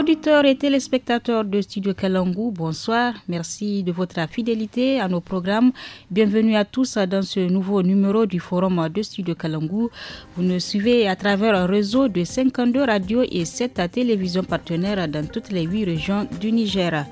Auditeurs et téléspectateurs de Studio Kalangu, bonsoir. Merci de votre fidélité à nos programmes. Bienvenue à tous dans ce nouveau numéro du Forum de Studio Kalangu. Vous nous suivez à travers un réseau de 52 radios et 7 télévisions partenaires dans toutes les 8 régions du Niger.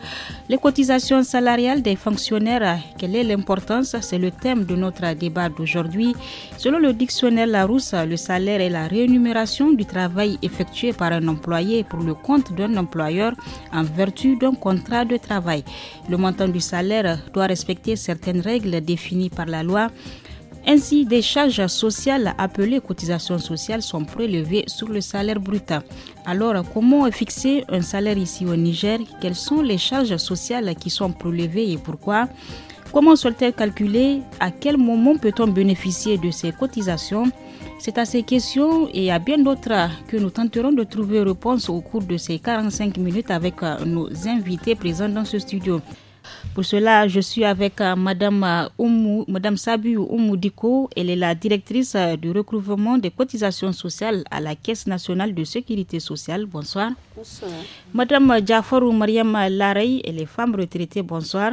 Les cotisations salariales des fonctionnaires, quelle est l'importance C'est le thème de notre débat d'aujourd'hui. Selon le dictionnaire Larousse, le salaire est la rémunération du travail effectué par un employé pour le compte d'un employeur en vertu d'un contrat de travail. Le montant du salaire doit respecter certaines règles définies par la loi. Ainsi, des charges sociales appelées cotisations sociales sont prélevées sur le salaire brut. Alors, comment fixer un salaire ici au Niger Quelles sont les charges sociales qui sont prélevées et pourquoi Comment sont-elles calculées À quel moment peut-on bénéficier de ces cotisations c'est à ces questions et à bien d'autres que nous tenterons de trouver réponse au cours de ces 45 minutes avec euh, nos invités présents dans ce studio. Pour cela, je suis avec euh, Madame, euh, Madame Sabu Oumoudiko. Elle est la directrice du recouvrement des cotisations sociales à la Caisse nationale de sécurité sociale. Bonsoir. Bonsoir. Madame Jafarou Mariam Larey, elle est femme retraitée. Bonsoir.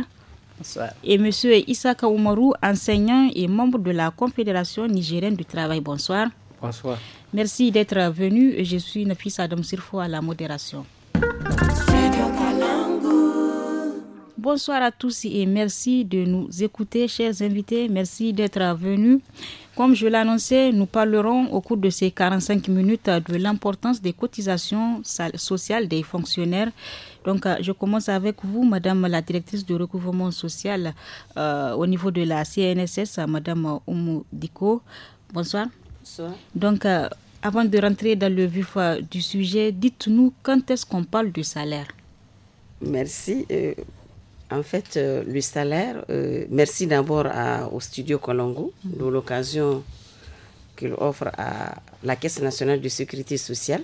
Bonsoir. Et monsieur Issa Oumarou, enseignant et membre de la Confédération nigérienne du travail. Bonsoir. Bonsoir. Merci d'être venu. Je suis Nafis Adam Sirfo à la modération. Bonsoir à tous et merci de nous écouter, chers invités. Merci d'être venus. Comme je l'annonçais, nous parlerons au cours de ces 45 minutes de l'importance des cotisations sociales des fonctionnaires donc, euh, je commence avec vous, Madame la directrice du recouvrement social euh, au niveau de la CNSS, Madame Oumu Diko. Bonsoir. Bonsoir. Donc, euh, avant de rentrer dans le vif du sujet, dites-nous quand est-ce qu'on parle du salaire Merci. en fait, le salaire, merci d'abord au studio Colongo mhm. de l'occasion qu'il offre à la Caisse nationale de sécurité sociale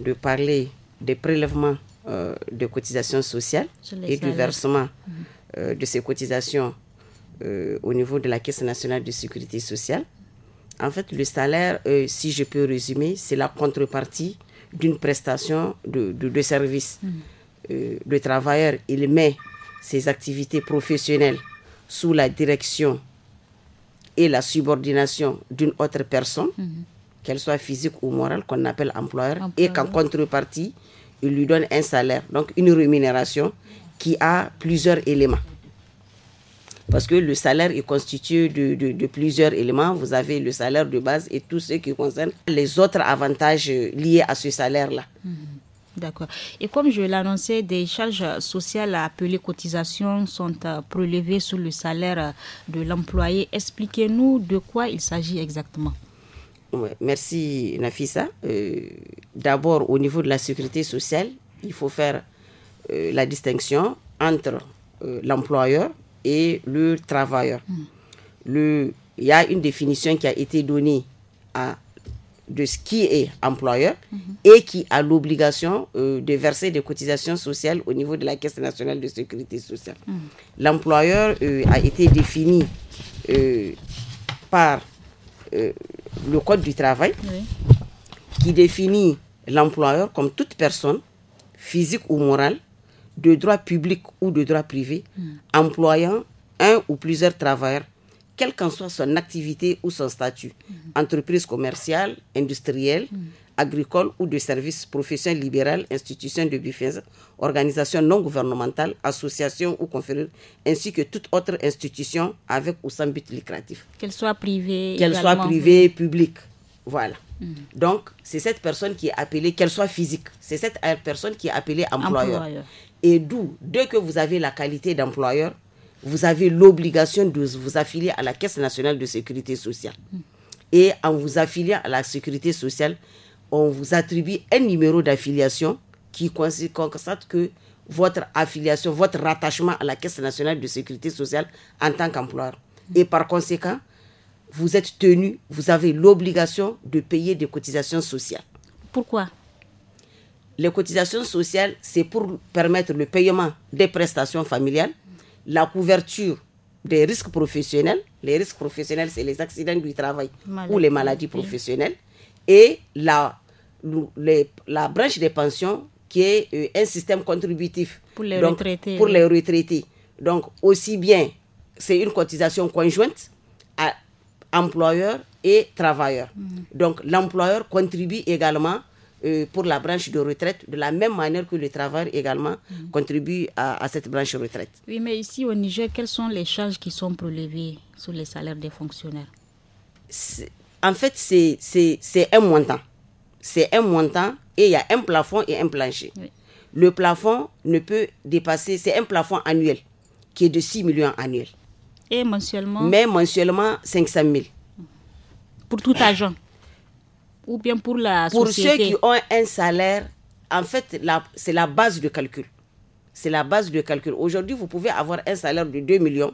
de parler des prélèvements euh, de cotisations sociales et du versement mhm. euh, de ces cotisations euh, au niveau de la Caisse nationale de sécurité sociale. En fait, le salaire, si je peux résumer, c'est la contrepartie d'une prestation de, de, de service. Mhm. le travailleur, il met ses activités professionnelles sous la direction et la subordination d'une autre personne, mhm. qu'elle soit physique ou morale, qu'on appelle employeur. et qu'en contrepartie, il lui donne un salaire, donc une rémunération qui a plusieurs éléments. Parce que le salaire est constitué de, plusieurs éléments. Vous avez le salaire de base et tout ce qui concerne les autres avantages liés à ce salaire-là. Mmh. D'accord. Et comme je l'annonçais, des charges sociales appelées cotisations sont euh, prélevées sur le salaire euh, de l'employé. Expliquez-nous de quoi il s'agit exactement. Merci Nafisa. Euh, d'abord, au niveau de la sécurité sociale, il faut faire euh, la distinction entre euh, l'employeur et le travailleur. Hmm. il y a une définition qui a été donnée de ce qui est employeur hmm. et qui a l'obligation de verser des cotisations sociales au niveau de la Caisse nationale de sécurité sociale. Hmm. L'employeur a été défini par euh, le Code du travail qui définit l'employeur comme toute personne, physique ou morale, de droit public ou de droit privé, hmm. employant un ou plusieurs travailleurs, quelle qu'en soit son activité ou son statut, hmm. entreprise commerciale, industrielle, hmm agricole ou de services, professionnels libérales, institution de défense, organisation non gouvernementale, association ou conférences, ainsi que toute autre institution avec ou sans but lucratif. Qu'elle soit privée. Qu'elle soit privée, publique. Voilà. Mm. Donc, c'est cette personne qui est appelée, qu'elle soit physique, c'est cette personne qui est appelée employeur. Et d'où, dès que vous avez la qualité d'employeur, vous avez l'obligation de vous affilier à la Caisse nationale de sécurité sociale. Mm. Et en vous affiliant à la sécurité sociale, on vous attribue un numéro d'affiliation qui constate que votre affiliation, votre rattachement à la Caisse nationale de sécurité sociale en tant qu'employeur. Et par conséquent, vous êtes tenu, vous avez l'obligation de payer des cotisations sociales. Pourquoi Les cotisations sociales, c'est pour permettre le paiement des prestations familiales, la couverture des risques professionnels. Les risques professionnels, c'est les accidents du travail ou les maladies professionnelles, et la, la branche des pensions qui est euh, un système contributif pour les, retraités, pour les retraités. Donc aussi bien, c'est une cotisation conjointe à employeur et travailleur. Mm. Donc l'employeur contribue également euh, pour la branche de retraite, de la même manière que le travail également mm. contribue à, cette branche de retraite. Oui, mais ici au Niger, quelles sont les charges qui sont prélevées sur les salaires des fonctionnaires en fait, c'est un montant. C'est un montant et il y a un plafond et un plancher. Le plafond ne peut dépasser, c'est un plafond annuel qui est de 6 millions annuels. Et mensuellement Mais mensuellement, 500 000. Pour tout agent Ou bien pour la société Pour ceux qui ont un salaire, en fait, c'est la base de calcul. C'est la base de calcul. Aujourd'hui, vous pouvez avoir un salaire de 2 millions,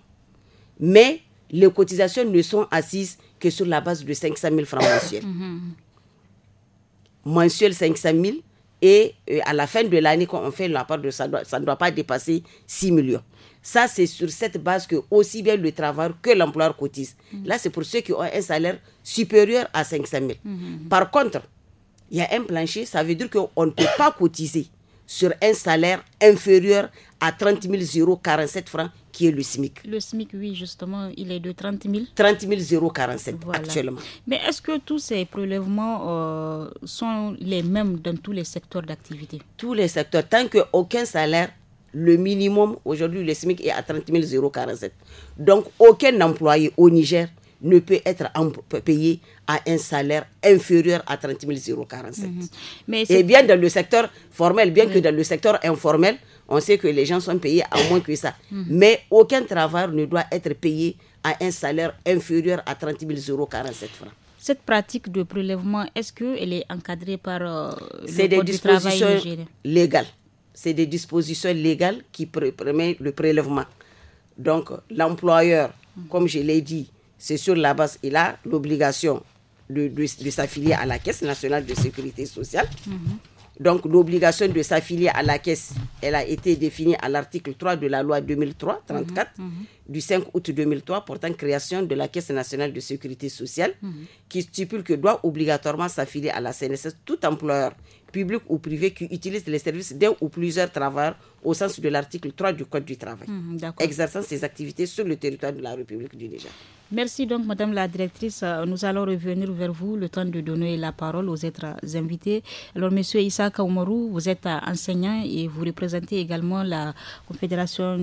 mais les cotisations ne sont assises que sur la base de 500 000 francs mensuels. Mensuel 500 000 et euh, à la fin de l'année, quand on fait la part de ça, ça ne doit pas dépasser 6 millions. Ça, c'est sur cette base que aussi bien le travailleur que l'employeur cotise. Là, c'est pour ceux qui ont un salaire supérieur à 500 000. Par contre, il y a un plancher, ça veut dire qu'on ne peut pas cotiser sur un salaire inférieur à 30 000 047 francs qui est le SMIC. Le SMIC, oui, justement, il est de 30 000. 30 047 actuellement. Mais est-ce que tous ces prélèvements euh, sont les mêmes dans tous les secteurs d'activité Tous les secteurs. Tant qu'aucun salaire, le minimum, aujourd'hui, le SMIC est à 30 047. Donc, aucun employé au Niger ne peut être payé à un salaire inférieur à 30 047. Mhm. Et bien dans le secteur formel, bien que dans le secteur informel, on sait que les gens sont payés à moins que ça. Mm-hmm. Mais aucun travailleur ne doit être payé à un salaire inférieur à 30 000 euros 47 francs. Cette pratique de prélèvement, est-ce qu'elle est encadrée par euh, le des travail légales. C'est des dispositions légales qui permettent le prélèvement. Donc l'employeur, mm. comme je l'ai dit, c'est sur la base, il a l'obligation de, s'affilier à la Caisse nationale de sécurité sociale. Mm-hmm. Donc l'obligation de s'affilier à la caisse, elle a été définie à l'article 3 de la loi 2003-34 mhm, mhm. du 5 août 2003 portant création de la Caisse nationale de sécurité sociale mhm. qui stipule que doit obligatoirement s'affilier à la CNSS tout employeur public ou privé qui utilisent les services d'un ou plusieurs travailleurs au sens de l'article 3 du Code du travail, mhm, exerçant ses activités sur le territoire de la République du Niger. Merci donc, Madame la Directrice. Euh, nous allons revenir vers vous le temps de donner la parole aux autres invités. Alors, Monsieur Issa Kaumaru, vous êtes euh, enseignant et vous représentez également la Confédération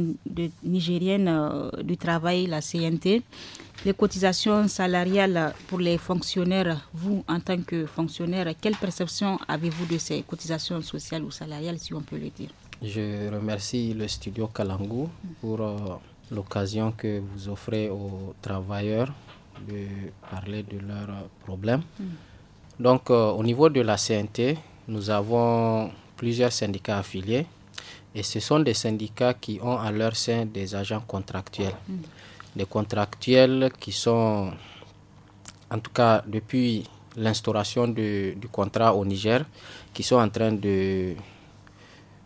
nigérienne euh, du travail, la CNT les cotisations salariales pour les fonctionnaires, vous, en tant que fonctionnaire, quelle perception avez-vous de ces cotisations sociales ou salariales, si on peut le dire Je remercie le studio Kalangu pour euh, l'occasion que vous offrez aux travailleurs de parler de leurs problèmes. Hmm. Donc, euh, au niveau de la CNT, nous avons plusieurs syndicats affiliés et ce sont des syndicats qui ont à leur sein des agents contractuels. Hmm des contractuels qui sont, en tout cas depuis l'instauration du, contrat au Niger, qui sont en train de,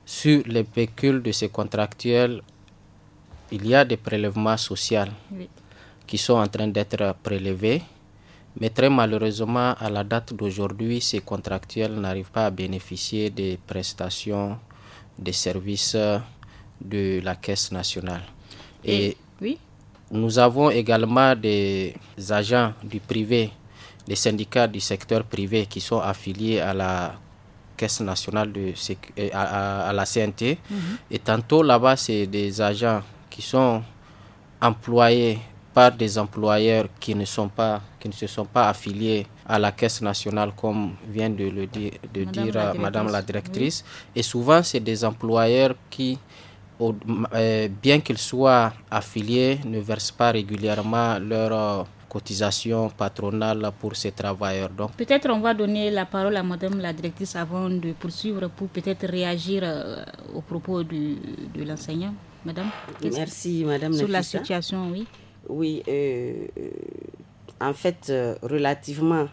sur les pécules de ces contractuels, il y a des prélèvements sociaux qui sont en train d'être prélevés. Mais très malheureusement, à la date d'aujourd'hui, ces contractuels n'arrivent pas à bénéficier des prestations, des services de la Caisse nationale. Et oui, nous avons également des agents du privé, des syndicats du secteur privé qui sont affiliés à la Caisse nationale de euh, à, la CNT. Mhm. Et tantôt là-bas, c'est des agents qui sont employés par des employeurs qui ne sont pas qui ne se sont pas affiliés à la caisse nationale comme vient de le dire euh, Madame la directrice et souvent c'est des employeurs qui euh, bien qu'ils soient affiliés, ne versent pas régulièrement leur euh, cotisation patronale pour ces travailleurs. Donc, peut-être on va donner la parole à Madame la directrice avant de poursuivre pour peut-être réagir euh, au propos de l'enseignant. Madame. Merci, Madame. Sur la situation, oui. Oui, en fait, relativement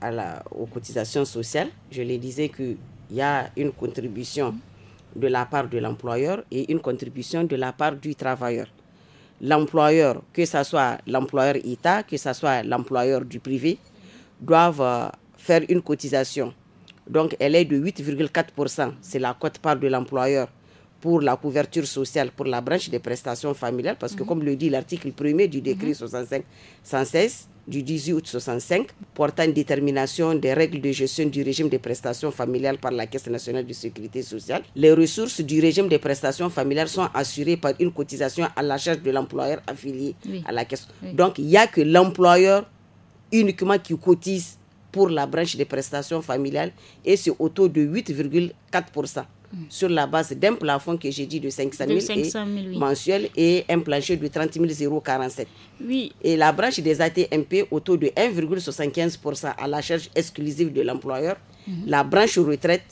à la, aux cotisations sociales, je le disais qu'il y a une contribution. Mm-hmm de la part de l'employeur et une contribution de la part du travailleur. L'employeur, que ce soit l'employeur État, que ce soit l'employeur du privé, doivent euh, faire une cotisation. Donc elle est de 8,4%, c'est la cote-part de l'employeur pour la couverture sociale pour la branche des prestations familiales, parce que mhm. comme le dit l'article 1er du décret 65-116, mhm du 18 août 65 portant une détermination des règles de gestion du régime des prestations familiales par la Caisse nationale de sécurité sociale. Les ressources du régime des prestations familiales sont assurées par une cotisation à la charge de l'employeur affilié à la Caisse. Donc il n'y a que l'employeur uniquement qui cotise pour la branche des prestations familiales et c'est au taux de 8,4%. Mm. sur la base d'un plafond que j'ai dit de 500 000, mensuels et mensuel et un plancher de 30 047. Oui. Et la branche des ATMP au taux de 1,75% à la charge exclusive de l'employeur. Mm-hmm. La branche retraite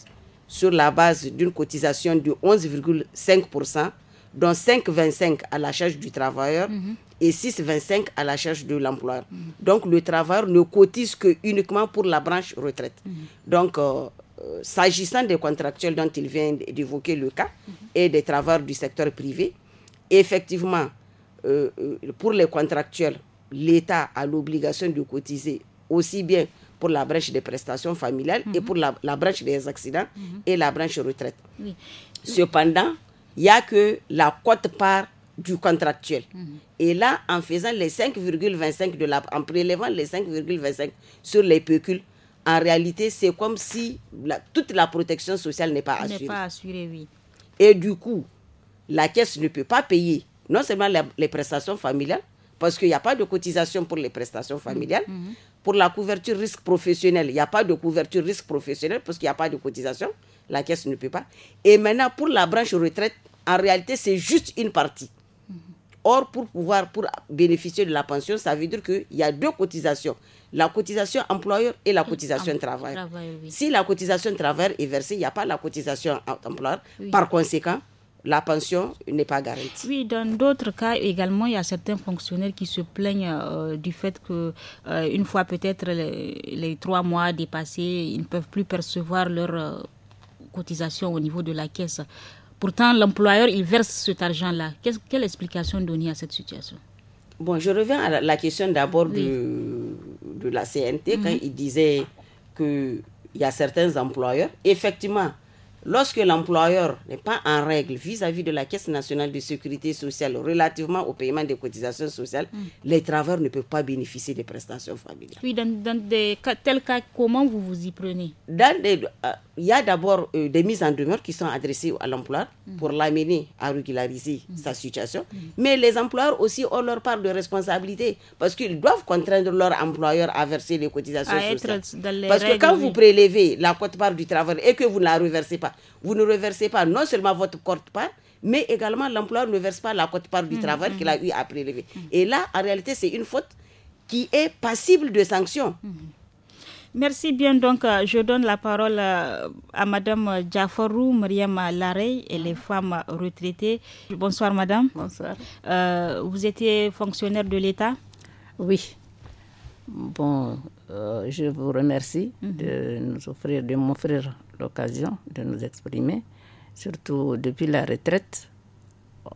sur la base d'une cotisation de 11,5%, dont 5,25 à la charge du travailleur mm-hmm. et 6,25 à la charge de l'employeur. Mm-hmm. Donc le travailleur ne cotise que uniquement pour la branche retraite. Donc euh, euh, s'agissant des contractuels dont il vient d'évoquer le cas mhm. et des travailleurs du secteur privé, effectivement, euh, euh, pour les contractuels, l'État a l'obligation de cotiser aussi bien pour la branche des prestations familiales et mhm. pour la, branche des accidents mhm. et la branche retraite. Cependant, il n'y a que la quote-part du contractuel. Et là, en faisant les 5,25 de la, en prélevant les 5,25 sur les pécules, en réalité, c'est comme si toute la protection sociale n'est pas assurée. oui. Et du coup, la caisse ne peut pas payer non seulement les prestations familiales, parce qu'il n'y a pas de cotisation pour les prestations mm-hmm. familiales. Mm-hmm. Pour la couverture risque professionnel, il n'y a pas de couverture risque professionnel parce qu'il n'y a pas de cotisation. La caisse ne peut pas. Et maintenant, pour la branche retraite, en réalité, c'est juste une partie. Or, pour pouvoir pour bénéficier de la pension, ça veut dire qu'il y a deux cotisations. La cotisation employeur et la cotisation travail. Si la cotisation travail est versée, il n'y a pas la cotisation employeur. Par conséquent, la pension n'est pas garantie. Oui, dans d'autres cas également, il y a certains fonctionnaires qui se plaignent euh, du fait que euh, une fois peut-être les, trois mois dépassés, ils ne peuvent plus percevoir leur euh, cotisation au niveau de la caisse. Pourtant, l'employeur, il verse cet argent-là. quelle explication donner à cette situation Bon, je reviens à la, question d'abord de, la CNT, quand mhm. il disait qu'il y a certains employeurs, effectivement, Lorsque l'employeur n'est pas en règle vis-à-vis de la Caisse nationale de sécurité sociale relativement au paiement des cotisations sociales, hmm. les travailleurs ne peuvent pas bénéficier des prestations familiales. Oui, dans, tel des cas, tels cas, comment vous vous y prenez euh, Il y a d'abord euh, des mises en demeure qui sont adressées à l'employeur hmm. pour l'amener à régulariser hmm. sa situation. Mais les employeurs aussi ont leur part de responsabilité parce qu'ils doivent contraindre leur employeur à verser les cotisations sociales. parce que quand vous prélevez la quote-part du travail et que vous ne la reversez pas, vous ne reversez pas non seulement votre cote part mais également l'employeur ne verse pas la cote part du mm, travail mm, qu'il a mm. eu à prélever. Et là, en réalité, c'est une faute qui est passible de sanction. Merci bien. Donc, euh, je donne la parole euh, à Madame Jafarou Mariam Larey et les femmes retraitées. Bonsoir, Madame. Bonsoir. Euh, vous étiez fonctionnaire de l'État Oui. Bon, je vous remercie mm-hmm. de nous offrir, de m'offrir l'occasion de nous exprimer. Surtout depuis la retraite,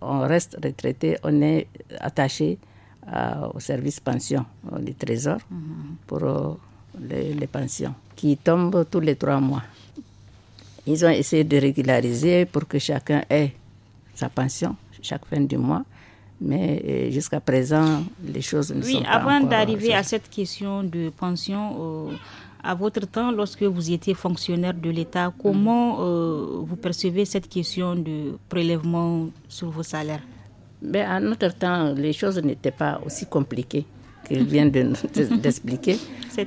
on reste retraité, on est attaché euh, au service pension euh, du Trésor mhm. pour euh, les, pensions qui tombent tous les trois mois. Ils ont essayé de régulariser pour que chacun ait sa pension chaque fin du mois, mais jusqu'à présent, les choses ne sont pas. Oui, avant d'arriver à cette question de pension, à votre temps, lorsque vous étiez fonctionnaire de l'État, comment euh, vous percevez cette question de prélèvement sur vos salaires Mais ben, À notre temps, les choses n'étaient pas aussi compliquées qu'il vient d'expliquer.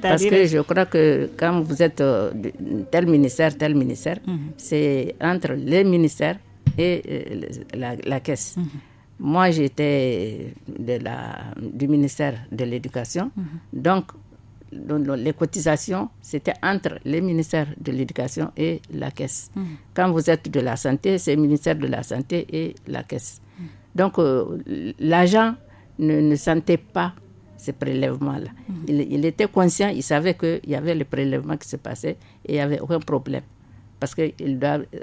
parce que je crois que quand vous êtes euh, tel ministère, tel ministère, mhm. c'est entre les ministères et euh, la, caisse. Mhm. Moi, j'étais du ministère de l'Éducation. Mhm. Donc, les cotisations, c'était entre les ministères de l'Éducation et la Caisse. Mmh. Quand vous êtes de la Santé, c'est le ministère de la Santé et la Caisse. Mmh. Donc, euh, l'agent ne, sentait pas ces prélèvements-là. Mmh. Il, était conscient, il savait qu'il y avait les prélèvements qui se passaient et il n'y avait aucun problème. Parce que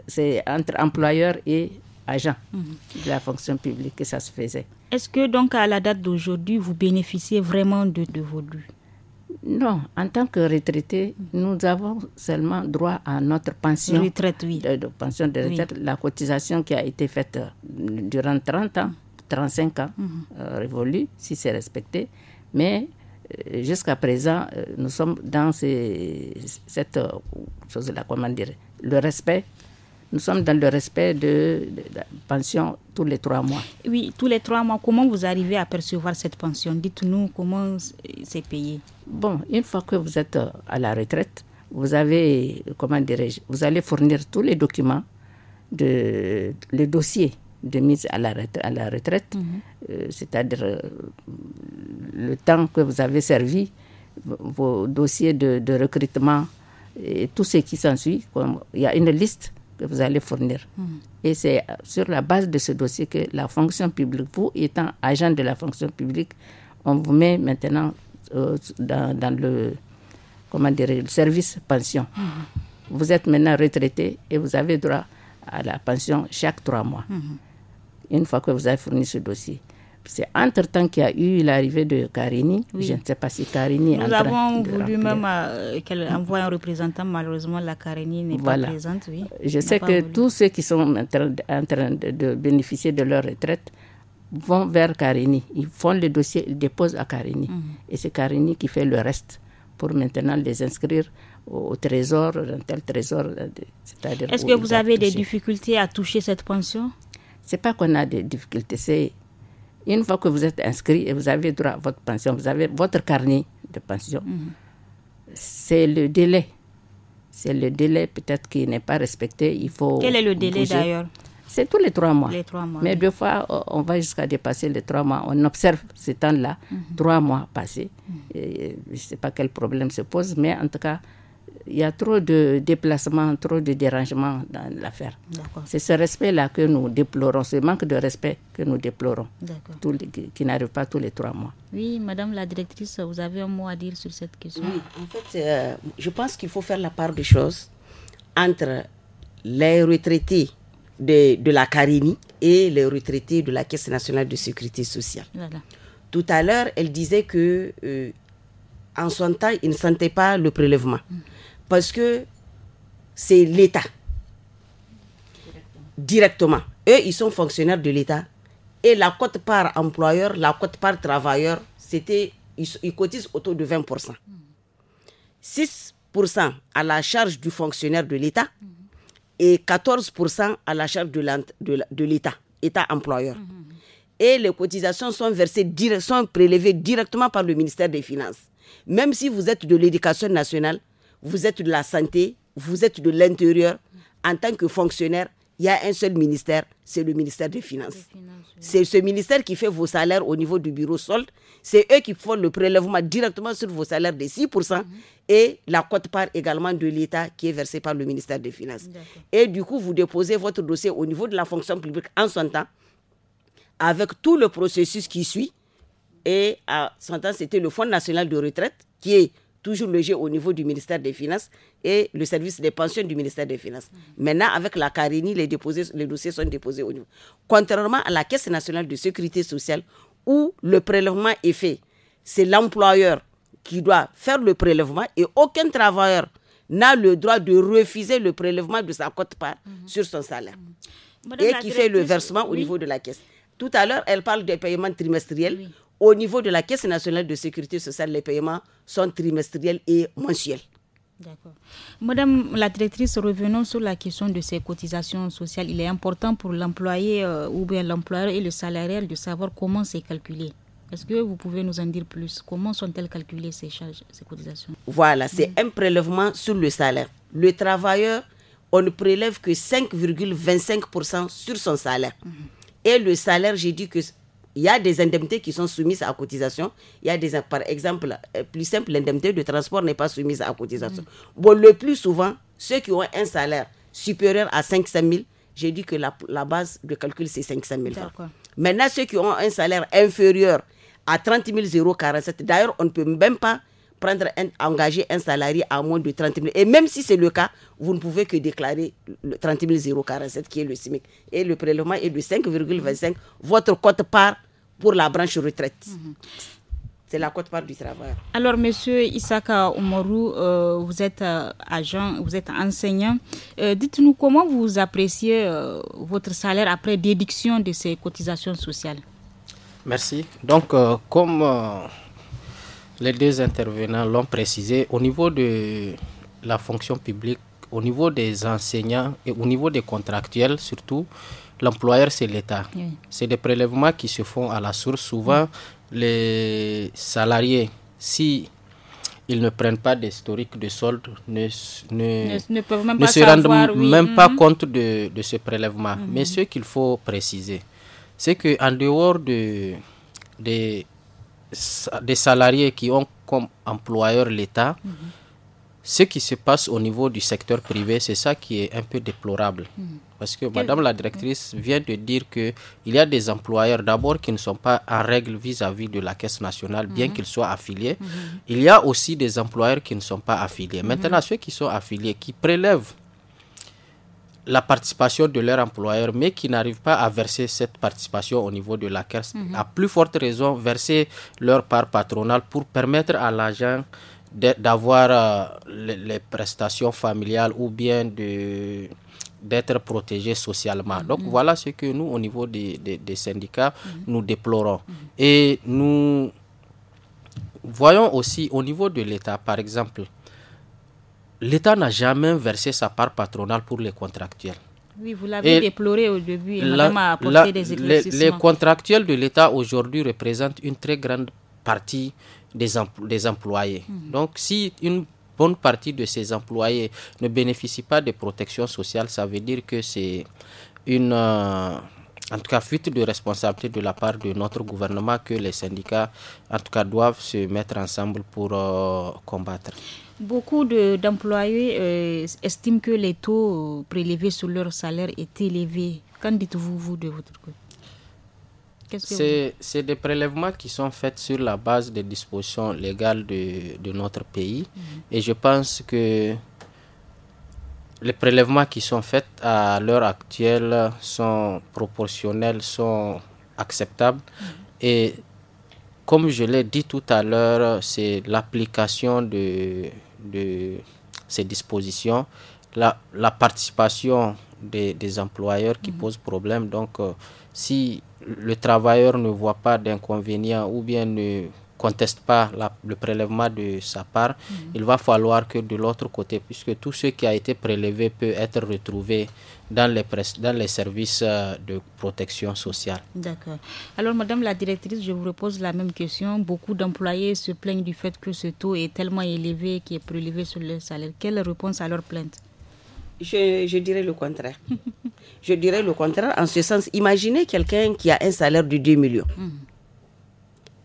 c'est entre employeur et agent de la fonction publique que ça se faisait. Est-ce que donc à la date d'aujourd'hui, vous bénéficiez vraiment de, de vos dues non, en tant que retraité, nous avons seulement droit à notre pension. de, euh, pension de retraite, la cotisation qui a été faite euh, durant 30 ans, 35 ans, mhm. euh, révolue, si c'est respecté. Mais jusqu'à présent, nous sommes dans cette chose-là, comment dire, le respect nous sommes dans le respect de, la pension tous les trois mois. Oui, tous les trois mois. Comment vous arrivez à percevoir cette pension Dites-nous comment c'est payé. Bon, une fois que vous êtes euh, à la retraite, vous avez, comment vous allez fournir tous les documents, de, le dossier de mise à la, retraite, mhm. euh, c'est-à-dire euh, le temps que vous avez servi, vos dossiers de, recrutement et tout ce qui s'ensuit. Il y a une liste que vous allez fournir. Mhm. Et c'est sur la base de ce dossier que la fonction publique, vous étant agent de la fonction publique, on vous met maintenant euh, dans, le comment dire, le service pension. Mhm. Vous êtes maintenant retraité et vous avez droit à la pension chaque trois mois, mhm. une fois que vous avez fourni ce dossier. C'est entre-temps qu'il y a eu l'arrivée de Carini. Je ne sais pas si Carini... Nous avons voulu même euh, qu'elle envoie un représentant. Malheureusement, la Carini n'est pas présente. Oui. Je sais que tous ceux qui sont en train, de bénéficier de leur retraite vont vers Karini, Ils font le dossier, ils déposent à Karini. Mhm. Et c'est Karini qui fait le reste pour maintenant les inscrire au, trésor, dans tel trésor. Euh, Est-ce que vous avez des difficultés à toucher cette pension C'est pas qu'on a des difficultés, c'est une fois que vous êtes inscrit et vous avez droit à votre pension, vous avez votre carnet de pension. Mhm. C'est le délai. C'est le délai peut-être qui n'est pas respecté. Il faut Quel est le délai d'ailleurs c'est tous les trois mois. mois Mais deux fois, euh, on va jusqu'à dépasser les trois mois. On observe ces temps-là, mhm. trois mois passés. Mhm. Euh, je ne sais pas quel problème se pose, mais en tout cas, il y a trop de déplacements, trop de dérangements dans l'affaire. C'est ce respect-là que nous déplorons, ce manque de respect que nous déplorons, qui n'arrive pas tous les trois mois. Oui, Madame la Directrice, vous avez un mot à dire sur cette question. Oui, en fait, euh, je pense qu'il faut faire la part des choses entre les retraités de, la Carini et les retraités de la Caisse nationale de sécurité sociale. Tout à l'heure, elle disait que euh, en son temps, il ne sentait pas le prélèvement mm. parce que c'est l'État directement. Eux, ils sont fonctionnaires de l'État et la cote par employeur, la cote par travailleur, c'était ils, cotisent autour de 20%. 6% mm. à la charge du fonctionnaire de l'État mm et 14% à la charge de l'État, État employeur. Et les cotisations sont versées, sont prélevées directement par le ministère des Finances. Même si vous êtes de l'éducation nationale, vous êtes de la santé, vous êtes de l'intérieur, en tant que fonctionnaire, il y a un seul ministère, c'est le ministère des Finances. C'est ce ministère qui fait vos salaires au niveau du bureau solde. C'est eux qui font le prélèvement directement sur vos salaires de 6% mhm. et la cote-part également de l'État qui est versée par le ministère des Finances. Et du coup, vous déposez votre dossier au niveau de la fonction publique en son temps, avec tout le processus qui suit. Et en son temps, c'était le Fonds national de retraite qui est toujours logé au niveau du ministère des Finances et le service des pensions du ministère des Finances. Maintenant, avec la CARINI, les, dossiers sont déposés au niveau. Contrairement à la Caisse nationale de sécurité sociale, où le prélèvement est fait, c'est l'employeur qui doit faire le prélèvement et aucun travailleur n'a le droit de refuser le prélèvement de sa cote-part mhm. sur son salaire et qui fait le versement au niveau de la caisse. Tout à l'heure, elle parle des paiements trimestriels au niveau de la Caisse nationale de sécurité sociale, les paiements sont trimestriels et mensuels. D'accord. Madame la directrice, revenons sur la question de ces cotisations sociales. Il est important pour l'employé euh, ou bien l'employeur et le salarié de savoir comment c'est calculé. Est-ce que vous pouvez nous en dire plus Comment sont-elles calculées ces charges, ces cotisations Voilà, c'est mm. un prélèvement sur le salaire. Le travailleur, on ne prélève que 5,25% sur son salaire. Mm. Et le salaire, j'ai dit que il y a des indemnités qui sont soumises à cotisation. Il y a des, par exemple, euh, plus simple, l'indemnité de transport n'est pas soumise à cotisation. Mm. Bon, le plus souvent, ceux qui ont un salaire supérieur à 500 000, j'ai dit que la, base de calcul, c'est 500 000 Maintenant, ceux qui ont un salaire inférieur à 30 047, d'ailleurs, on ne peut même pas prendre un, engager un salarié à moins de 30 000. Et même si c'est le cas, vous ne pouvez que déclarer le 30 047 qui est le SMIC. Et le prélèvement est de 5,25. Votre cote part pour la branche retraite. Mhm. c'est la cote-part du travail. Alors, monsieur Isaka Omoru, euh, vous êtes euh, agent, vous êtes enseignant. Euh, dites-nous comment vous appréciez votre salaire après déduction de ces cotisations sociales. Merci. Donc, comme les deux intervenants l'ont précisé, au niveau de la fonction publique, au niveau des enseignants et au niveau des contractuels surtout, l'employeur, c'est l'État. C'est des prélèvements qui se font à la source. Souvent, les salariés, si ils ne prennent pas d'historique de solde, ne, se rendent même pas mhm. compte de, ce prélèvement. Mhm. Mais ce qu'il faut préciser, c'est qu'en dehors de, des, salariés qui ont comme employeur l'État, mhm. ce qui se passe au niveau du secteur privé, c'est ça qui est un peu déplorable. Parce que Madame la directrice vient de dire qu'il y a des employeurs d'abord qui ne sont pas en règle vis-à-vis de la Caisse nationale, bien mhm. qu'ils soient affiliés. Mhm. Il y a aussi des employeurs qui ne sont pas affiliés. Mhm. Maintenant, ceux qui sont affiliés, qui prélèvent la participation de leur employeur, mais qui n'arrivent pas à verser cette participation au niveau de la Caisse, à plus forte raison, verser leur part patronale pour permettre à l'agent d'avoir euh, les prestations familiales ou bien de d'être protégés socialement. Mm-hmm. Donc mm-hmm. voilà ce que nous, au niveau des, des, syndicats, mm-hmm. nous déplorons. Et nous voyons aussi au niveau de l'État, par exemple, l'État n'a jamais versé sa part patronale pour les contractuels. Oui, vous l'avez déploré au début. La, a des Les, contractuels de l'État aujourd'hui représentent une très grande partie des, des employés. Donc si une bonne partie de ses employés ne bénéficient pas de protection sociale, ça veut dire que c'est une euh, en tout cas fuite de responsabilité de la part de notre gouvernement que les syndicats en tout cas doivent se mettre ensemble pour euh, combattre. Beaucoup d'employés euh, estiment que les taux prélevés sur leur salaire est élevés. Qu'en dites-vous vous de votre côté c'est des prélèvements qui sont faits sur la base des dispositions légales de, notre pays. Mhm. Et je pense que les prélèvements qui sont faits à l'heure actuelle sont proportionnels, sont acceptables. Mhm. Et comme je l'ai dit tout à l'heure, c'est l'application de, de, ces dispositions, la, la participation des, employeurs qui mhm. posent problème. Donc, euh, si le travailleur ne voit pas d'inconvénient ou bien ne conteste pas le prélèvement de sa part, mhm. il va falloir que de l'autre côté, puisque tout ce qui a été prélevé peut être retrouvé dans les, dans les services euh, de protection sociale. D'accord. Alors, Madame la Directrice, je vous repose la même question. Beaucoup d'employés se plaignent du fait que ce taux est tellement élevé qui est prélevé sur le salaire. Quelle réponse à leur plainte je, dirais le contraire. je dirais le contraire en ce sens. Imaginez quelqu'un qui a un salaire de 2 millions mm.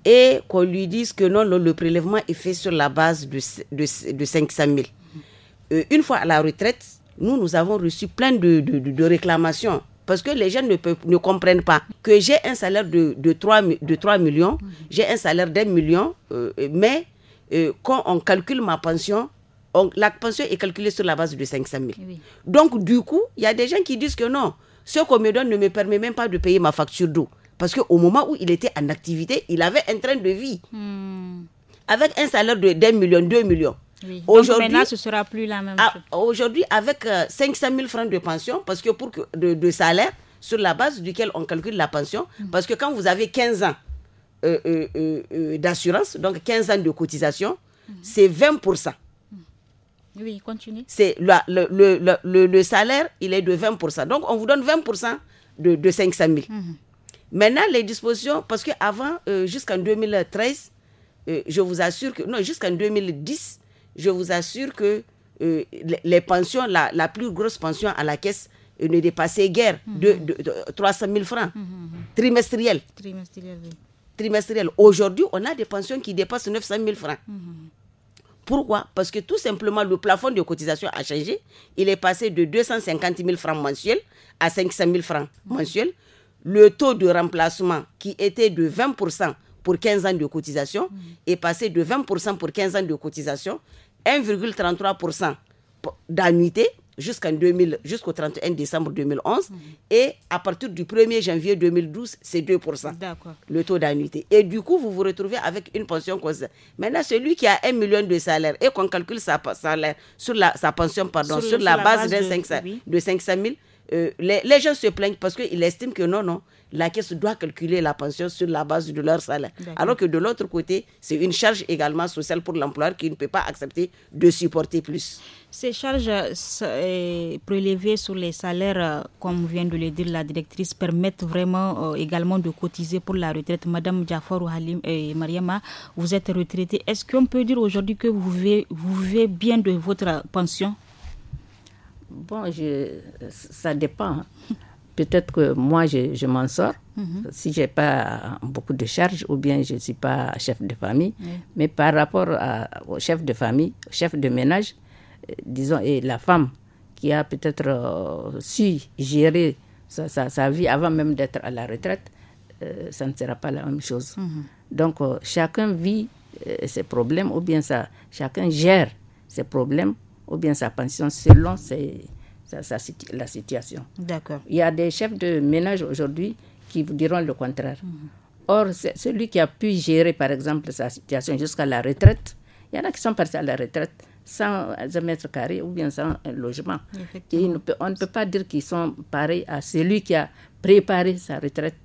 et qu'on lui dise que non, le, prélèvement est fait sur la base de, 500 000. Mm. Euh, une fois à la retraite, nous, nous avons reçu plein de, réclamations parce que les gens ne, ne comprennent pas que j'ai un salaire de, 3, millions, mm. j'ai un salaire d'un million, euh, mais euh, quand on calcule ma pension, la pension est calculée sur la base de 500 000. Donc, du coup, il y a des gens qui disent que non, ce qu'on me donne ne me permet même pas de payer ma facture d'eau. Parce qu'au moment où il était en activité, il avait un train de vie. Hmm. Avec un salaire de 1 million, 2 millions. Aujourd'hui, ce sera plus la même ah, Aujourd'hui, avec 500 euh, 000 francs de pension, parce que pour de, salaire, sur la base duquel on calcule la pension, hmm. parce que quand vous avez 15 ans euh, euh, d'assurance, donc 15 ans de cotisation, hmm. c'est 20 oui, continue. C'est le, le, salaire, il est de 20%. Donc, on vous donne 20% de, de 500 000. Mhm. Maintenant, les dispositions, parce qu'avant, avant euh, jusqu'en 2013, euh, je vous assure que, non, jusqu'en 2010, je vous assure que euh, les, pensions, la, plus grosse pension à la caisse ne dépassait guère mhm. de, 300 000 francs, mhm, trimestriel. Trimestriel, Trimestriel. Aujourd'hui, on a des pensions qui dépassent 900 000 francs. Pourquoi Parce que tout simplement, le plafond de cotisation a changé. Il est passé de 250 000 francs mensuels à 500 000 francs mensuels. Le taux de remplacement, qui était de 20 pour 15 ans de cotisation, est passé de 20 pour 15 ans de cotisation, 1,33 d'annuité jusqu'en 2000, jusqu'au 31 décembre 2011. Mhm. Et à partir du 1er janvier 2012, c'est 2%. Le taux d'annuité. Et du coup, vous vous retrouvez avec une pension Maintenant, celui qui a un million de salaire et qu'on calcule sa salaire sur sa pension, pardon, sur, la, base, 500, de 500 000, euh, les, gens se plaignent parce qu'ils estiment que non, non, la caisse doit calculer la pension sur la base de leur salaire. Alors que de l'autre côté, c'est une charge également sociale pour l'employeur qui ne peut pas accepter de supporter plus. Ces charges euh, euh, prélevées sur les salaires, comme vient de le dire la directrice, permettent vraiment également de cotiser pour la retraite. Madame Jafar Halim et Mariama, vous êtes retraitée. Est-ce qu'on peut dire aujourd'hui que vous vous vivez bien de votre pension Bon, je, ça dépend. Peut-être que moi, je, m'en sors mhm. si je n'ai pas beaucoup de charges ou bien je ne suis pas chef de famille. Mais par rapport au chef de famille, chef de ménage, euh, disons, et la femme qui a peut-être euh, su gérer sa, sa, vie avant même d'être à la retraite, euh, ça ne sera pas la même chose. Mhm. Donc, chacun vit ses problèmes ou bien ça, chacun gère ses problèmes ou bien sa pension selon la situation. D'accord. Il y a des chefs de ménage aujourd'hui qui vous diront le contraire. Mhm. Or, celui qui a pu gérer, par exemple, sa situation jusqu'à la retraite, il y en a qui sont partis à la retraite sans un mètre carré ou bien sans un logement. on ne peut pas dire qu'ils sont pareils à celui qui a préparé sa retraite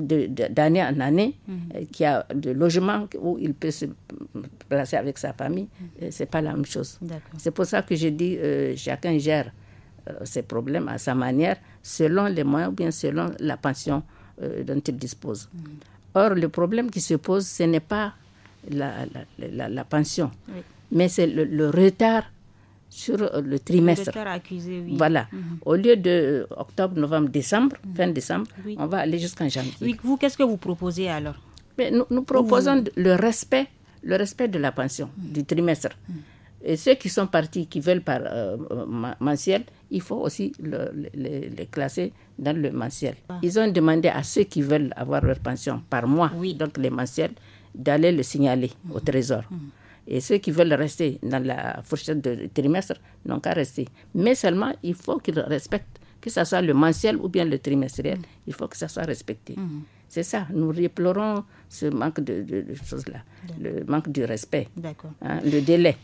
d'année en année, mhm. euh, qui a de logement où il peut se placer avec sa famille, mhm. euh, c'est pas la même chose. C'est pour ça que je dis euh, chacun gère ses problèmes à sa manière, selon les moyens ou bien selon la pension dont il dispose. Mhm. Or, le problème qui se pose, ce n'est pas la, la, la, pension, mais c'est le, le retard sur euh, le trimestre. Le accusé, Voilà. Mhm. Au lieu de octobre, novembre, décembre, mhm. fin décembre, on va aller jusqu'en janvier. vous, qu'est-ce que vous proposez alors Mais nous, nous, proposons le respect, le respect de la pension mhm. du trimestre. Et ceux qui sont partis, qui veulent par euh, mensuel, il faut aussi les classer dans le mensuel. Ah. Ils ont demandé à ceux qui veulent avoir leur pension par mois, donc les mensuels, d'aller le signaler au trésor. Et ceux qui veulent rester dans la fourchette de trimestre n'ont qu'à rester. Mais seulement, il faut qu'ils respectent, que ce soit le mensuel ou bien le trimestriel, mm. il faut que ça soit respecté. Mm. C'est ça, nous réplorons ce manque de, choses-là, le manque du respect, hein, le délai.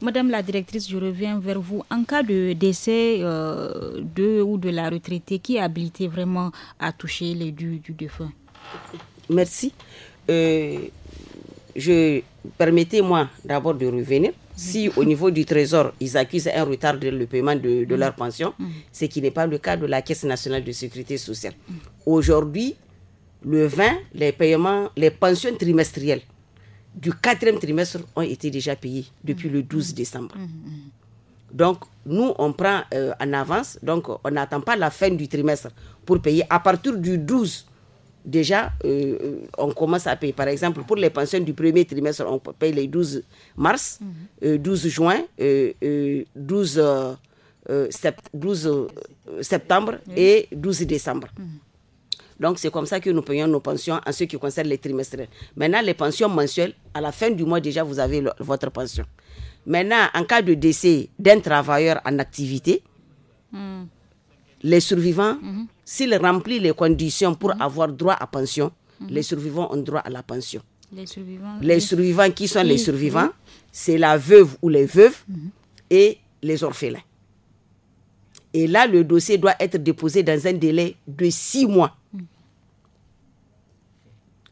Madame la directrice, je reviens vers vous. En cas de décès euh, de ou de la retraitée, qui est habilité vraiment à toucher les du du défunt Merci. Euh, je permettez-moi d'abord de revenir. Si mhm. au niveau du Trésor, ils accusent un retard dans le paiement de, leur mhm. pension, mhm. ce qui n'est pas le cas de la Caisse nationale de sécurité sociale. Aujourd'hui, le 20, les paiements, les pensions trimestrielles du quatrième trimestre ont été déjà payées depuis le 12 décembre. Donc, nous, on prend euh, en avance, donc on n'attend pas la fin du trimestre pour payer. À partir du 12, déjà, euh, on commence à payer. Par exemple, pour les pensions du premier trimestre, on paye les 12 mars, 12 mhm. euh, juin, 12, euh, septembre et 12 décembre. Mhm. Donc, c'est comme ça que nous payons nos pensions en ce qui concerne les trimestres. Maintenant, les pensions mensuelles, à la fin du mois déjà, vous avez votre pension. Maintenant, en cas de décès d'un travailleur en activité, mhm les survivants, mhm. s'ils remplissent les conditions pour mhm. avoir droit à pension, mhm. les survivants ont droit à la pension. Les survivants, les survivants qui sont les survivants, c'est la veuve ou les veuves et les orphelins. Et là, le dossier doit être déposé dans un délai de six mois.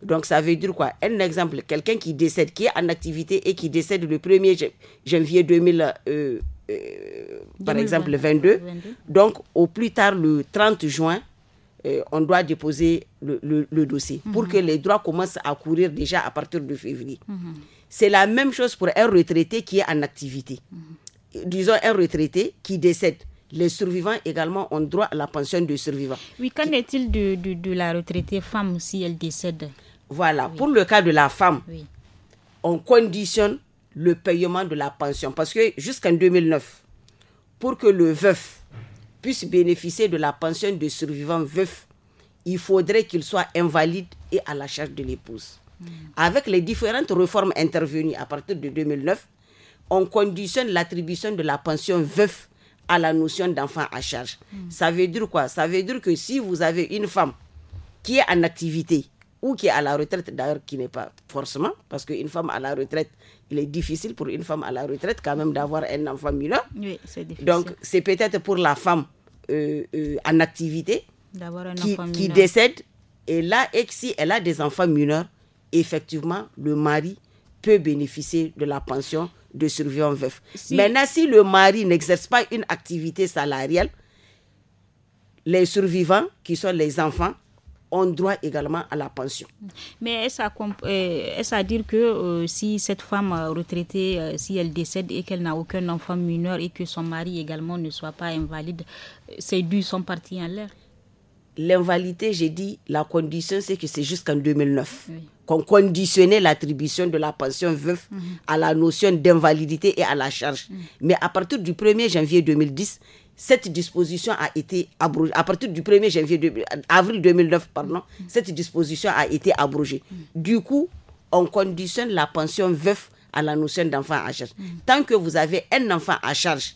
Donc, ça veut dire quoi Un exemple, quelqu'un qui décède, qui est en activité et qui décède le 1er janvier 2000, euh, par exemple le 22. Donc, au plus tard le 30 juin, euh, on doit déposer le, dossier pour que mhm. les droits commencent à courir déjà à partir de février. Mhm. C'est la même chose pour un retraité qui est en activité. Mhm. Disons un retraité qui décède. Les survivants également ont droit à la pension de survivants. Oui, qu'en est-il de, la retraitée femme si elle décède Voilà, pour le cas de la femme, on conditionne le paiement de la pension. Parce que jusqu'en 2009, pour que le veuf puisse bénéficier de la pension de survivant veuf, il faudrait qu'il soit invalide et à la charge de l'épouse. Hmm. Avec les différentes réformes intervenues à partir de 2009, on conditionne l'attribution de la pension veuf à la notion d'enfant à charge. Hmm. Ça veut dire quoi Ça veut dire que si vous avez une femme qui est en activité ou qui est à la retraite, d'ailleurs qui n'est pas forcément, parce qu'une femme à la retraite, il est difficile pour une femme à la retraite quand même d'avoir un enfant mineur. Oui, c'est difficile. Donc c'est peut-être pour la femme euh, euh, en activité qui, décède. Et là, et si elle a des enfants mineurs, effectivement, le mari peut bénéficier de la pension de survivant veuf. Maintenant, si le mari n'exerce pas une activité salariale, les survivants, qui sont les enfants, ont droit également à la pension. Mais est-ce à, euh, dire que euh, si cette femme euh, retraitée, si elle décède et qu'elle n'a aucun enfant mineur et que son mari également ne soit pas invalide, ses dû sont partis en l'air L'invalidité, j'ai dit, la condition, c'est que c'est jusqu'en 2009 qu'on conditionnait l'attribution de la pension veuf mhm. à la notion d'invalidité et à la charge. Mhm. Mais à partir du 1er janvier 2010, cette disposition a été abrogée. À partir du 1er janvier, avril 2009, pardon, cette disposition a été abrogée. Du coup, on conditionne la pension veuf à la notion d'enfant à charge. Tant que vous avez un enfant à charge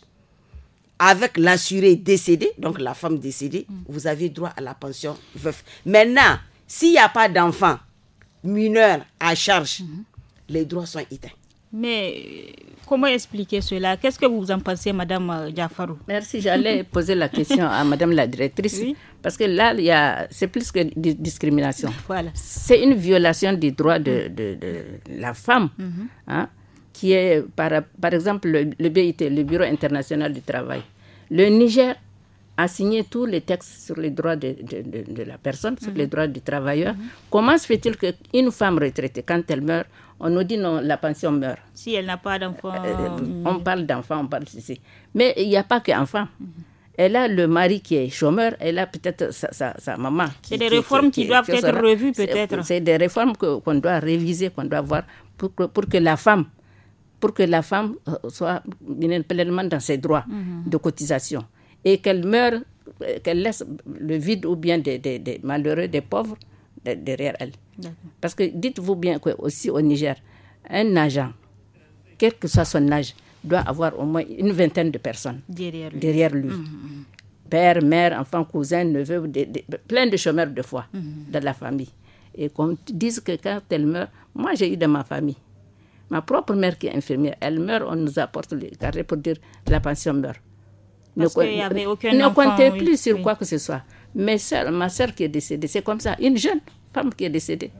avec l'assuré décédé, donc la femme décédée, vous avez droit à la pension veuf. Maintenant, s'il n'y a pas d'enfant mineur à charge, les droits sont éteints. Mais comment expliquer cela Qu'est-ce que vous en pensez, Madame Jaffarou euh, Merci, j'allais poser la question à Madame la directrice. Parce que là, il y a, c'est plus que discrimination. Voilà. C'est une violation des droits de, mm. de, la femme. Mm-hmm. hein, qui est, par, par exemple, le, le BIT, le Bureau international du travail. Le Niger a signé tous les textes sur les droits de, la personne, sur mhm. les droits du travailleur. Mhm. Comment se fait-il qu'une femme retraitée, quand elle meurt, on nous dit non, la pension meurt Si elle n'a pas d'enfant. Euh, euh, mhm. on parle d'enfant, on parle ceci. Mais il n'y a pas qu'enfant. Elle a le mari qui est chômeur, elle a peut-être sa, maman. C'est des réformes qui, doivent être revues peut-être. C'est des réformes qu'on doit réviser, qu'on doit voir pour que, pour que la femme pour que la femme euh, soit pleinement dans ses droits de cotisation et qu'elle meure, euh, qu'elle laisse le vide ou bien des, malheureux, des pauvres derrière elle. Parce que dites-vous bien que aussi au Niger, un agent, quel que soit son âge, doit avoir au moins une vingtaine de personnes derrière lui. Mmh, mmh. Père, mère, enfant, cousin, neveu, plein de chômeurs de foi mmh, dans la famille. Et qu'on dise que quand elle meurt, moi j'ai eu dans ma famille. Ma propre mère qui est infirmière, elle meurt, on nous apporte les carrés pour dire la pension meurt ne, comptez plus sur quoi que ce soit. ma soeur qui est décédée, c'est comme ça, une jeune femme qui est décédée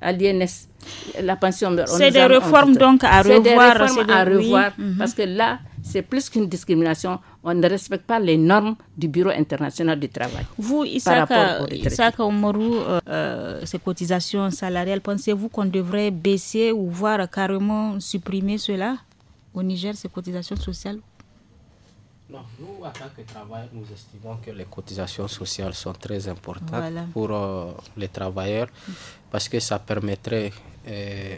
à l'INS. La pension. C'est des réformes donc à revoir. à mhm. revoir parce que là, c'est plus qu'une discrimination. On ne respecte pas les normes du Bureau international du travail. Vous, Isaka, euh, euh, ces cotisations salariales, pensez-vous qu'on devrait baisser ou voir carrément supprimer cela au Niger, ces cotisations sociales nous, à tant que travail, nous estimons que les cotisations sociales sont très importantes pour euh, les travailleurs parce que ça permettrait euh,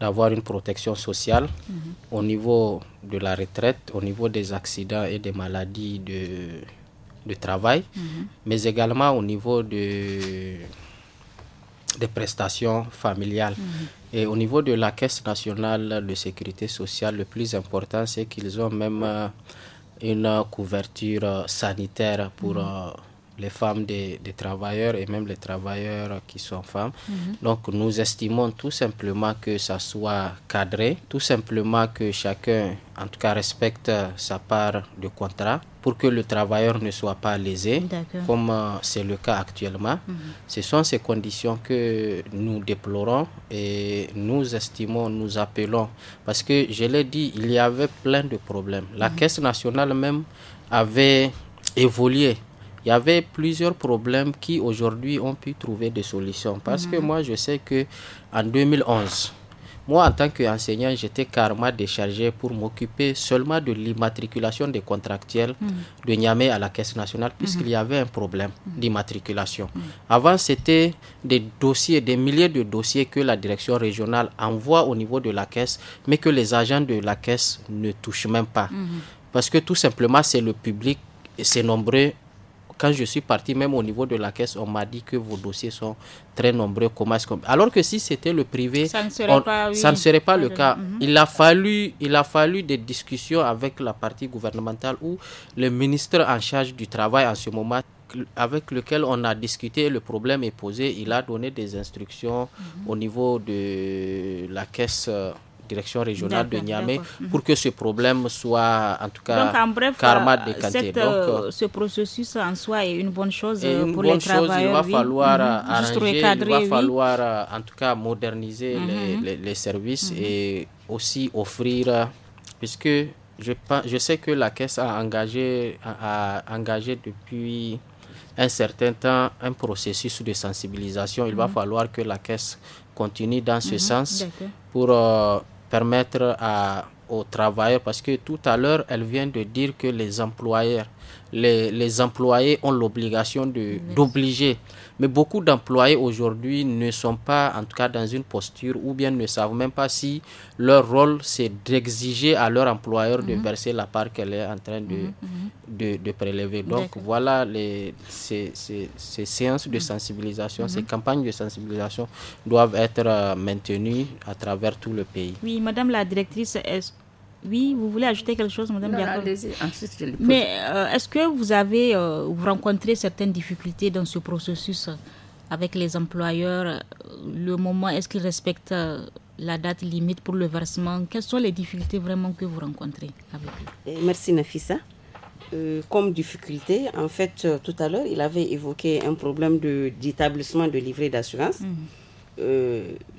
d'avoir une protection sociale mhm. au niveau de la retraite, au niveau des accidents et des maladies de, de travail, mhm. mais également au niveau de, des prestations familiales. Mhm. Et au niveau de la Caisse nationale de sécurité sociale, le plus important, c'est qu'ils ont même... Euh, une couverture sanitaire pour euh, les femmes des, travailleurs et même les travailleurs qui sont femmes. Mhm. Donc nous estimons tout simplement que ça soit cadré, tout simplement que chacun, en tout cas, respecte sa part de contrat pour que le travailleur ne soit pas lésé, comme euh, c'est le cas actuellement. Mhm. Ce sont ces conditions que nous déplorons et nous estimons, nous appelons, parce que je l'ai dit, il y avait plein de problèmes. La mhm. Caisse nationale même avait évolué il y avait plusieurs problèmes qui aujourd'hui ont pu trouver des solutions. Parce que mhm. moi, je sais que en 2011, moi, en tant qu'enseignant, j'étais carrément déchargé pour m'occuper seulement de l'immatriculation des contractuels mhm. de Niamey à la Caisse nationale, mhm. puisqu'il y avait un problème d'immatriculation. Avant, c'était des dossiers, des milliers de dossiers que la direction régionale envoie au niveau de la Caisse, mais que les agents de la Caisse ne touchent même pas. Parce que tout simplement, c'est le public, c'est nombreux quand je suis parti, même au niveau de la caisse, on m'a dit que vos dossiers sont très nombreux. Comment Alors que si c'était le privé, ça ne serait pas, le ah, cas. Il a fallu, il a fallu des discussions avec la partie gouvernementale ou le ministre en charge du travail en ce moment avec lequel on a discuté, le problème est posé. Il a donné des instructions mhm. au niveau de la caisse euh, direction régionale de Niamey pour que ce problème soit en tout cas Donc, en bref, karma euh, Donc, euh, ce processus en soi est une bonne chose euh, pour les travailleurs. il va falloir mhm. il va falloir en tout cas moderniser mhm. les, services mhm. et aussi offrir, puisque je, je sais que la caisse a engagé, a, engagé depuis un certain temps un processus de sensibilisation. Il va falloir que la caisse continue dans ce sens pour permettre à, aux travailleurs, parce que tout à l'heure, elle vient de dire que les employeurs les, employés ont l'obligation d'obliger. Mais beaucoup d'employés aujourd'hui ne sont pas, en tout cas, dans une posture ou bien ne savent même pas si leur rôle, c'est d'exiger à leur employeur de mhm. verser la part qu'elle est en train de, mhm, mhm. de, prélever. Donc, voilà les, ces, ces, ces séances de sensibilisation, ces campagnes de sensibilisation doivent être euh, maintenues à travers tout le pays. Oui, Madame la directrice, est oui, vous voulez ajouter quelque chose, Madame Diakon Mais euh, est-ce que vous avez euh, rencontré certaines difficultés dans ce processus euh, avec les employeurs Le moment, est-ce qu'ils respectent la date limite pour le versement Quelles sont les difficultés vraiment que vous rencontrez avec eux Merci, Nafissa. comme difficulté, en fait, tout à l'heure, il avait évoqué un problème d'établissement de, de, livret d'assurance. Mhm.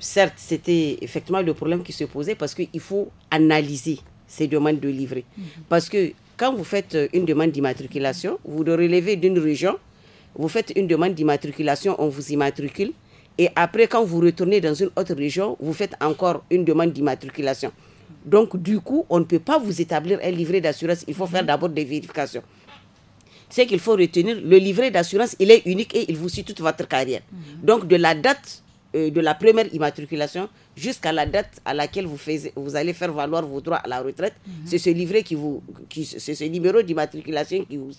certes, c'était effectivement le problème qui se posait parce qu'il faut analyser ces demandes de livret. Parce que quand vous faites euh, une demande d'immatriculation, vous le relevez d'une région, vous faites une demande d'immatriculation, on vous immatricule. Et après, quand vous retournez dans une autre région, vous faites encore une demande d'immatriculation. Donc, du coup, on ne peut pas vous établir un livret d'assurance. Il faut faire mhm. d'abord des vérifications. C'est qu'il faut retenir, le livret d'assurance, il est unique et il vous suit toute votre carrière. Mhm. Donc, de la date euh, de la première immatriculation jusqu'à la date à laquelle vous, vous allez faire valoir vos droits à la retraite. Mhm. C'est ce livret qui vous, qui, c'est ce numéro d'immatriculation qui vous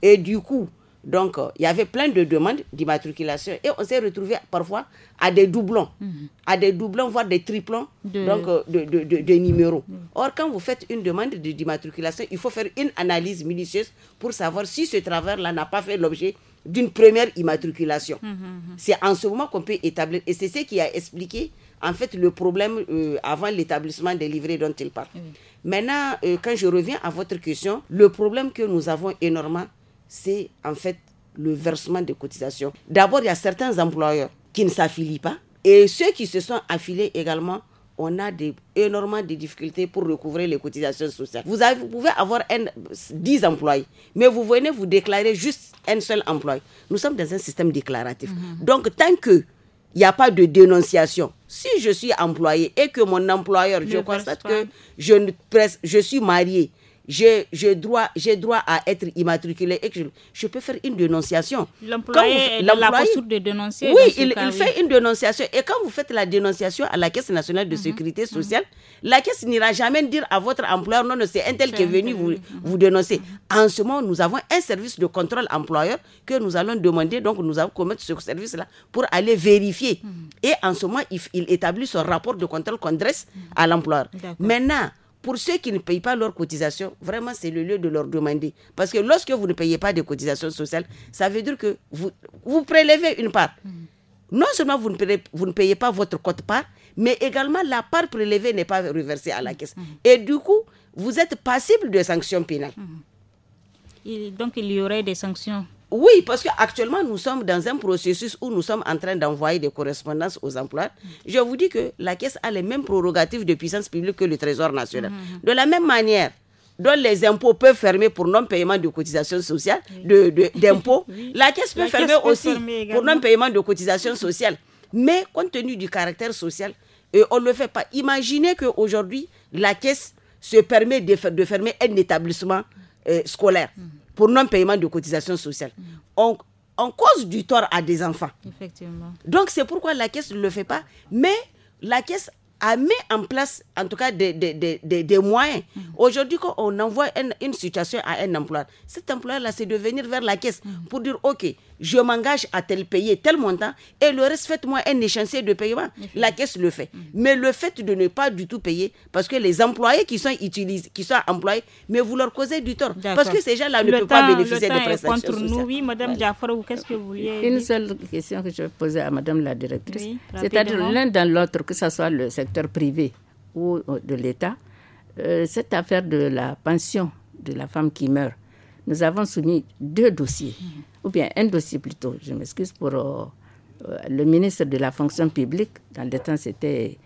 Et du coup, donc, euh, il y avait plein de demandes d'immatriculation et on s'est retrouvé parfois à des doublons, mhm. à des doublons, voire des triplons de... Euh, numéros. Or, quand vous faites une demande d'immatriculation, il faut faire une analyse minutieuse pour savoir si ce travers-là n'a pas fait l'objet d'une première immatriculation. Hum, hum, hum. C'est en ce moment qu'on peut établir, et c'est ce qui a expliqué en fait le problème euh, avant l'établissement des livrets dont il parle. Maintenant, euh, quand je reviens à votre question, le problème que nous avons énormément, c'est en fait le versement des cotisations. D'abord, il y a certains employeurs qui ne s'affilient pas, et ceux qui se sont affiliés également on a des, énormément de difficultés pour recouvrir les cotisations sociales. Vous, avez, pouvez avoir 10 employés, mais vous venez vous déclarer juste un seul employé. Nous sommes dans un système déclaratif. Mhm. Donc, tant que il n'y a pas de dénonciation. Si je suis employé et que mon employeur, je, constate que je, ne presse, je suis marié, j'ai droit, droit à être immatriculé et que je, je peux faire une dénonciation. L'employé la de dénoncer. Oui, il, fait une dénonciation. Et quand vous faites la dénonciation à la Caisse nationale de mhm. sécurité mhm. sociale, la Caisse n'ira jamais dire à votre employeur, non, non c'est un tel qui est venu vous, vous dénoncer. En ce moment, nous avons un service de contrôle employeur que nous allons demander, donc nous allons commettre ce service-là pour aller vérifier. Mhm. Et en ce moment, il, il établit son rapport de contrôle qu'on dresse à l'employeur. Maintenant, pour ceux qui ne payent pas leurs cotisations, vraiment, c'est le lieu de leur demander. Parce que lorsque vous ne payez pas de cotisations sociales, ça veut dire que vous, vous prélevez une part. Mm. Non seulement vous ne, payez, pas votre quote-part, mais également la part prélevée n'est pas reversée à la caisse. Mm. Et du coup, vous êtes passible de sanctions pénales. Mm. donc, il y aurait des sanctions oui, parce qu'actuellement, nous sommes dans un processus où nous sommes en train d'envoyer des correspondances aux emplois. Je vous dis que la Caisse a les mêmes prorogatives de puissance publique que le Trésor national. Mmh, mmh, mmh. De la même manière dont les impôts peuvent fermer pour non-paiement de cotisations sociales, de, la Caisse peut fermer aussi pour non-paiement de cotisations sociales. Mais compte tenu du caractère social, euh, on ne le fait pas. Imaginez qu'aujourd'hui, la Caisse se permet de, fermer un établissement euh, scolaire pour non-paiement de cotisations sociales. Mm. On, cause du tort à des enfants. Donc c'est pourquoi la caisse ne le fait pas, mais la caisse a mis en place, en tout cas, des, des, des, des moyens. Mm. Aujourd'hui, quand on envoie une, situation à un employeur, cet employeur-là, c'est de venir vers la caisse mm. pour dire, OK, je m'engage à tel payer tel montant et le reste, faites-moi un échéancier de paiement. La caisse le fait. Mm. Mais le fait de ne pas du tout payer, parce que les employés qui sont utilisés, qui sont employés, mais vous leur causez du tort. Parce que ces gens-là ne peuvent pas bénéficier de prestations contre nous, oui, Madame voilà. qu'est-ce que vous vouliez Une seule question que je vais poser à Madame la directrice. C'est-à-dire l'un dans l'autre, que ce soit le secteur privé ou euh, de l'État, euh, cette affaire de la pension de la femme qui meurt, nous avons soumis deux dossiers. Mm ou bien un dossier plutôt, je m'excuse pour euh, euh, le ministre de la fonction publique, dans le temps c'était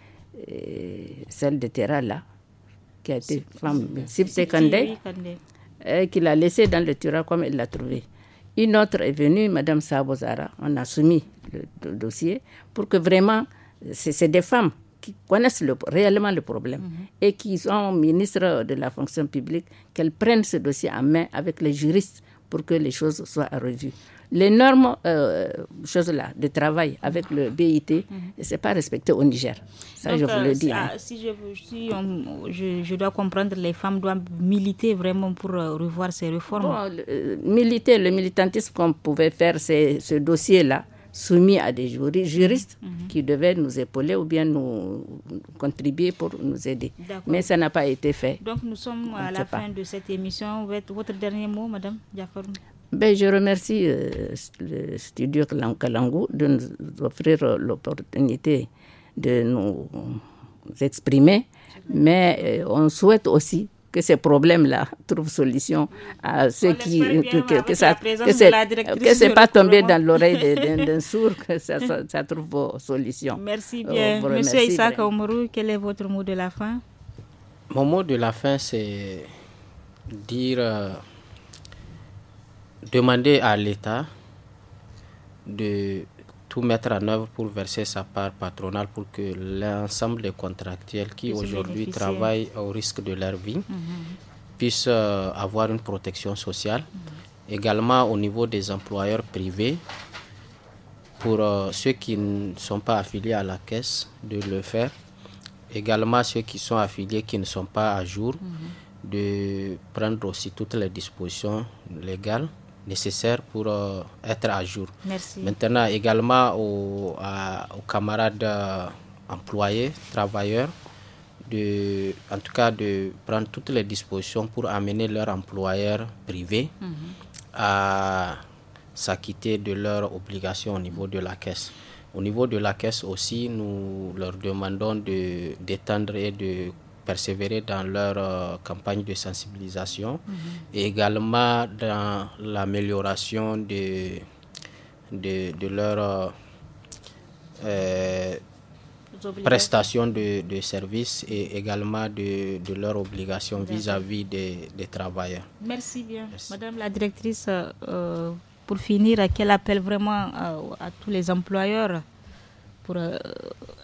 euh, celle de Terra là, qui a été femme, Sipte Kandé, qui l'a laissé dans le tiroir comme il l'a trouvé. Une autre est venue, Madame Sabozara, on a soumis le, dossier pour que vraiment, c'est des femmes qui connaissent réellement le problème mhm. et qui sont ministres de la fonction publique, qu'elles prennent ce dossier en main avec les juristes pour que les choses soient revues. L'énorme normes, euh, là de travail avec le BIT, ce mhm. c'est pas respecté au Niger. Ça, je vous le euh, dis. Hein. Si, je, si je, dois comprendre, les femmes doivent militer vraiment pour euh, revoir ces réformes. militer, le militantisme qu'on pouvait faire, c'est ce dossier-là soumis à des juristes mhm. Mhm. qui devaient nous épauler ou bien nous contribuer pour nous aider. Mais ça n'a pas été fait. Donc nous sommes à la fin de cette émission. Votre dernier mot, Madame ben, je remercie euh, le studio Kalangu de nous offrir euh, l'opportunité de nous exprimer, mais euh, on souhaite aussi que ces problèmes-là trouvent solution à ceux qui que, que, n'est pas tombé dans l'oreille d'un sourd que ça, trouve solution. Merci euh, bien, Monsieur Issa quel est votre mot de la fin? Mon mot de la fin, c'est dire euh, demander à l'État de tout mettre en œuvre pour verser sa part patronale pour que l'ensemble des contractuels qui aujourd'hui travaillent au risque de leur vie mhm. puissent euh, avoir une protection sociale. Mhm. Également au niveau des employeurs privés, pour euh, ceux qui ne sont pas affiliés à la caisse, de le faire. Également ceux qui sont affiliés, qui ne sont pas à jour, mhm. de prendre aussi toutes les dispositions légales nécessaires pour euh, être à jour. Maintenant également aux, camarades euh, employés, travailleurs, de, en tout cas de prendre toutes les dispositions pour amener leur employeur privé mhm. à s'acquitter de leurs obligations au niveau de la caisse. Au niveau de la caisse aussi, nous leur demandons de d'étendre et de persévérer dans leur euh, campagne de sensibilisation mhm. et également dans l'amélioration de, de, leur euh, prestations de, services et également de, de leurs obligations vis-à-vis des, travailleurs. Merci bien. Madame la directrice, euh, pour finir, quel appel vraiment à tous les employeurs euh,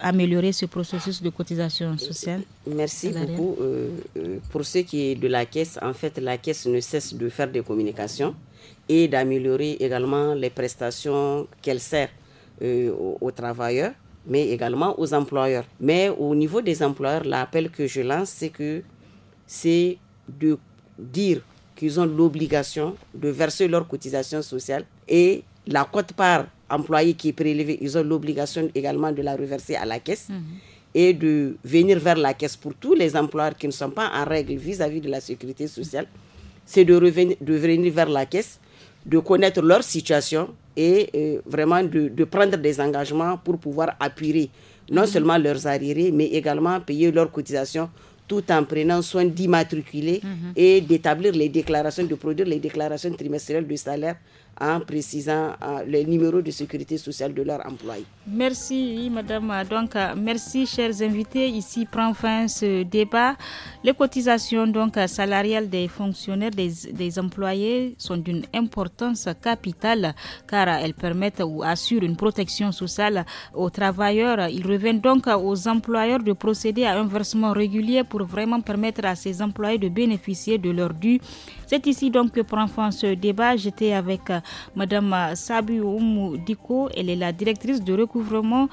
améliorer ce processus de cotisation sociale Merci beaucoup. Euh, euh, pour ce qui est de la caisse, en fait, la caisse ne cesse de faire des communications et d'améliorer également les prestations qu'elle sert aux, travailleurs, mais également aux employeurs. Mais au niveau des employeurs, l'appel que je lance, c'est que c'est de dire qu'ils ont l'obligation de verser leur cotisation sociale et la quote-part employés qui est prélevé, ils ont l'obligation également de la reverser à la caisse. Mhm. et de venir vers la caisse pour tous les employeurs qui ne sont pas en règle vis-à-vis de la sécurité sociale, c'est de, revenir, de venir vers la caisse, de connaître leur situation et euh, vraiment de, prendre des engagements pour pouvoir appuyer non mhm. seulement leurs arriérés, mais également payer leurs cotisations tout en prenant soin d'immatriculer matriculer mhm. et d'établir les déclarations, de produire les déclarations trimestrielles de salaire en précisant euh, les numéros de sécurité sociale de leurs employés. Merci, madame. Donc, euh, merci, chers invités. Ici prend fin ce débat. Les cotisations donc, salariales des fonctionnaires, des, employés sont d'une importance capitale car elles permettent ou assurent une protection sociale aux travailleurs. Il revient donc aux employeurs de procéder à un versement régulier pour vraiment permettre à ces employés de bénéficier de leurs dues c'est ici donc que prend fin ce débat. J'étais avec euh, Madame euh, Sabu Oumou Diko. Elle est la directrice de recouvrement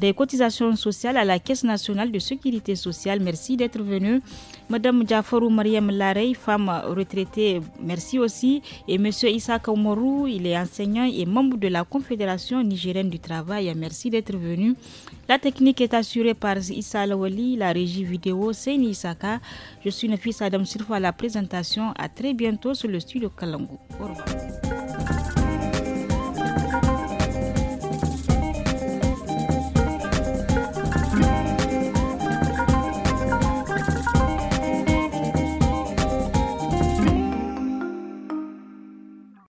des cotisations sociales à la Caisse nationale de sécurité sociale. Merci d'être venu. Madame Jafarou Mariam Larey, femme retraitée, merci aussi. Et Monsieur Issa Omorou, il est enseignant et membre de la Confédération nigérienne du travail. Merci d'être venu. La technique est assurée par Issa Lawali, la régie vidéo c'est Isaka. Je suis Nafis Adam Sirfa à la présentation. À très bientôt sur le studio Kalango. Au revoir.